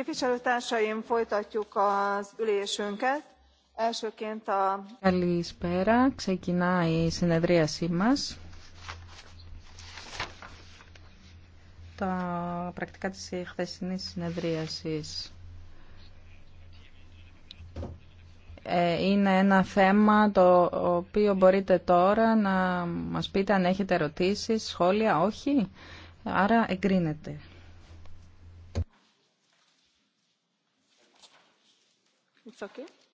Καλησπέρα. Ξεκινά η συνεδρίασή μας. Τα πρακτικά της χθεσινής συνεδρίασης ε, είναι ένα θέμα το οποίο μπορείτε τώρα να μας πείτε αν έχετε ερωτήσεις, σχόλια, όχι. Άρα εγκρίνεται. it's okay.